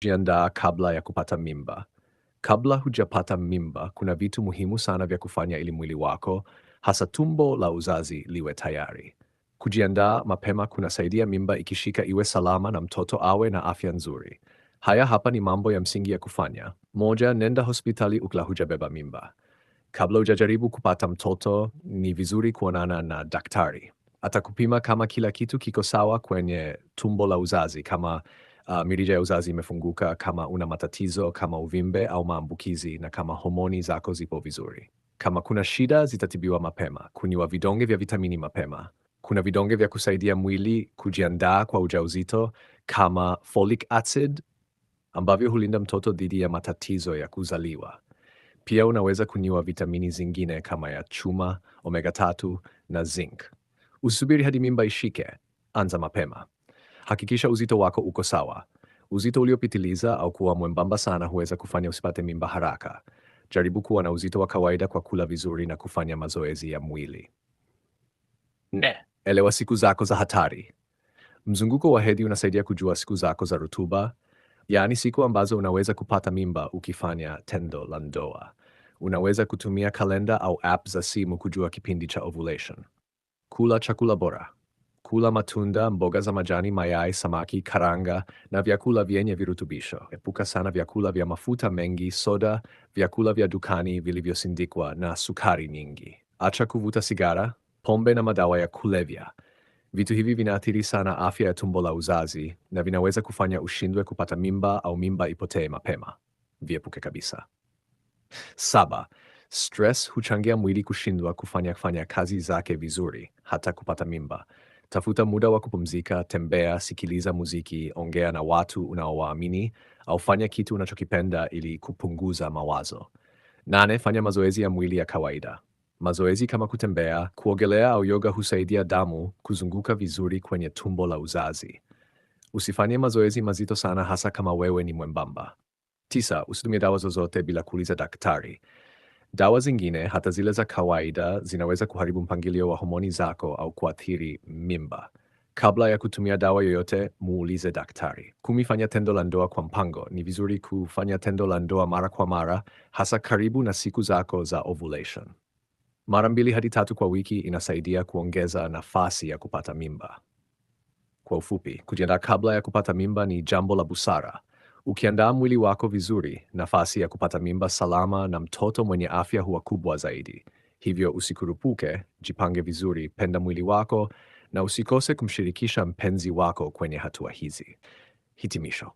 Jiandaa kabla ya kupata mimba. Kabla hujapata mimba, kuna vitu muhimu sana vya kufanya ili mwili wako, hasa tumbo la uzazi, liwe tayari. Kujiandaa mapema kunasaidia mimba ikishika iwe salama na mtoto awe na afya nzuri. Haya hapa ni mambo ya msingi ya kufanya. Moja, nenda hospitali ukla hujabeba mimba. Kabla hujajaribu kupata mtoto, ni vizuri kuonana na daktari. Atakupima kama kila kitu kiko sawa kwenye tumbo la uzazi kama Uh, ah, mirija ya uzazi imefunguka kama una matatizo kama uvimbe au maambukizi, na kama homoni zako zipo vizuri. Kama kuna shida, zitatibiwa mapema. Kunywa vidonge vya vitamini mapema. Kuna vidonge vya kusaidia mwili kujiandaa kwa ujauzito kama folic acid ambavyo hulinda mtoto dhidi ya matatizo ya kuzaliwa. Pia unaweza kunywa vitamini zingine kama ya chuma, omega 3 na zinc. Usubiri hadi mimba ishike, anza mapema. Hakikisha uzito wako uko sawa. Uzito uliopitiliza au kuwa mwembamba sana huweza kufanya usipate mimba haraka. Jaribu kuwa na uzito wa kawaida kwa kula vizuri na kufanya mazoezi ya mwili. Ne. elewa siku zako za hatari. Mzunguko wa hedhi unasaidia kujua siku zako za rutuba, yaani siku ambazo unaweza kupata mimba ukifanya tendo la ndoa. Unaweza kutumia kalenda au app za simu kujua kipindi cha ovulation. Kula chakula bora kula matunda, mboga za majani, mayai, samaki, karanga na vyakula vyenye virutubisho. Epuka sana vyakula vya mafuta mengi, soda, vyakula vya dukani vilivyosindikwa na sukari nyingi. Acha kuvuta sigara, pombe na madawa ya kulevya. Vitu hivi vinaathiri sana afya ya tumbo la uzazi na vinaweza kufanya ushindwe kupata mimba au mimba ipotee mapema. Viepuke kabisa. Saba, stress huchangia mwili kushindwa kufanya kufanya kazi zake vizuri, hata kupata mimba. Tafuta muda wa kupumzika, tembea, sikiliza muziki, ongea na watu unaowaamini au fanya kitu unachokipenda ili kupunguza mawazo. Nane, fanya mazoezi ya mwili ya kawaida. Mazoezi kama kutembea, kuogelea au yoga husaidia damu kuzunguka vizuri kwenye tumbo la uzazi. Usifanye mazoezi mazito sana hasa kama wewe ni mwembamba. Tisa, usitumie dawa zozote bila kuuliza daktari. Dawa zingine hata zile za kawaida zinaweza kuharibu mpangilio wa homoni zako au kuathiri mimba. Kabla ya kutumia dawa yoyote, muulize daktari. Kumifanya tendo la ndoa kwa mpango, ni vizuri kufanya tendo la ndoa mara kwa mara, hasa karibu na siku zako za ovulation. Mara mbili hadi tatu kwa wiki inasaidia kuongeza nafasi ya kupata mimba. Kwa ufupi, kujiandaa kabla ya kupata mimba ni jambo la busara. Ukiandaa mwili wako vizuri, nafasi ya kupata mimba salama na mtoto mwenye afya huwa kubwa zaidi. Hivyo usikurupuke, jipange vizuri, penda mwili wako na usikose kumshirikisha mpenzi wako kwenye hatua hizi. Hitimisho.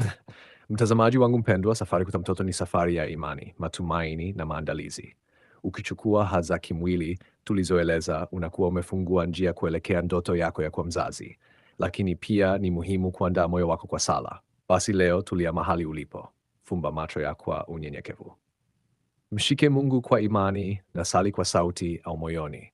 Mtazamaji wangu mpendwa, Safari Kuta Mtoto ni safari ya imani, matumaini na maandalizi. Ukichukua haza kimwili tulizoeleza, unakuwa umefungua njia kuelekea ndoto yako ya kuwa mzazi. Lakini pia ni muhimu kuandaa moyo wako kwa sala. Basi leo tulia mahali ulipo, fumba macho ya kwa unyenyekevu, mshike Mungu kwa imani na sali kwa sauti au moyoni.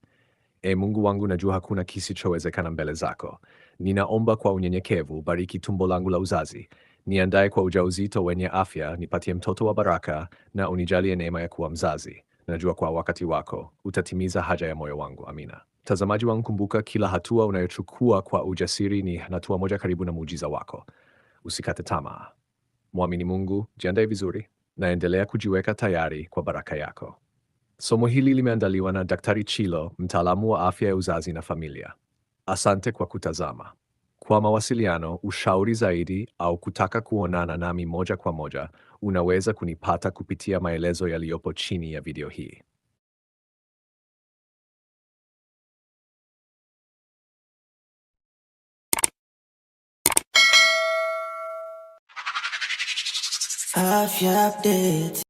E Mungu wangu, najua hakuna kisichowezekana mbele zako. Ninaomba kwa unyenyekevu, bariki tumbo langu la uzazi, niandae kwa ujauzito wenye afya, nipatie mtoto wa baraka na unijalie neema ya kuwa mzazi. Najua kwa wakati wako utatimiza haja ya moyo wangu. Amina. Mtazamaji wangu, kumbuka kila hatua unayochukua kwa ujasiri ni hatua moja karibu na muujiza wako. Usikate tamaa, mwamini Mungu, jiandae vizuri na endelea kujiweka tayari kwa baraka yako. Somo hili limeandaliwa na Daktari Chilo, mtaalamu wa afya ya uzazi na familia. Asante kwa kutazama. Kwa mawasiliano, ushauri zaidi au kutaka kuonana nami moja kwa moja, unaweza kunipata kupitia maelezo yaliyopo chini ya video hii. Safi it.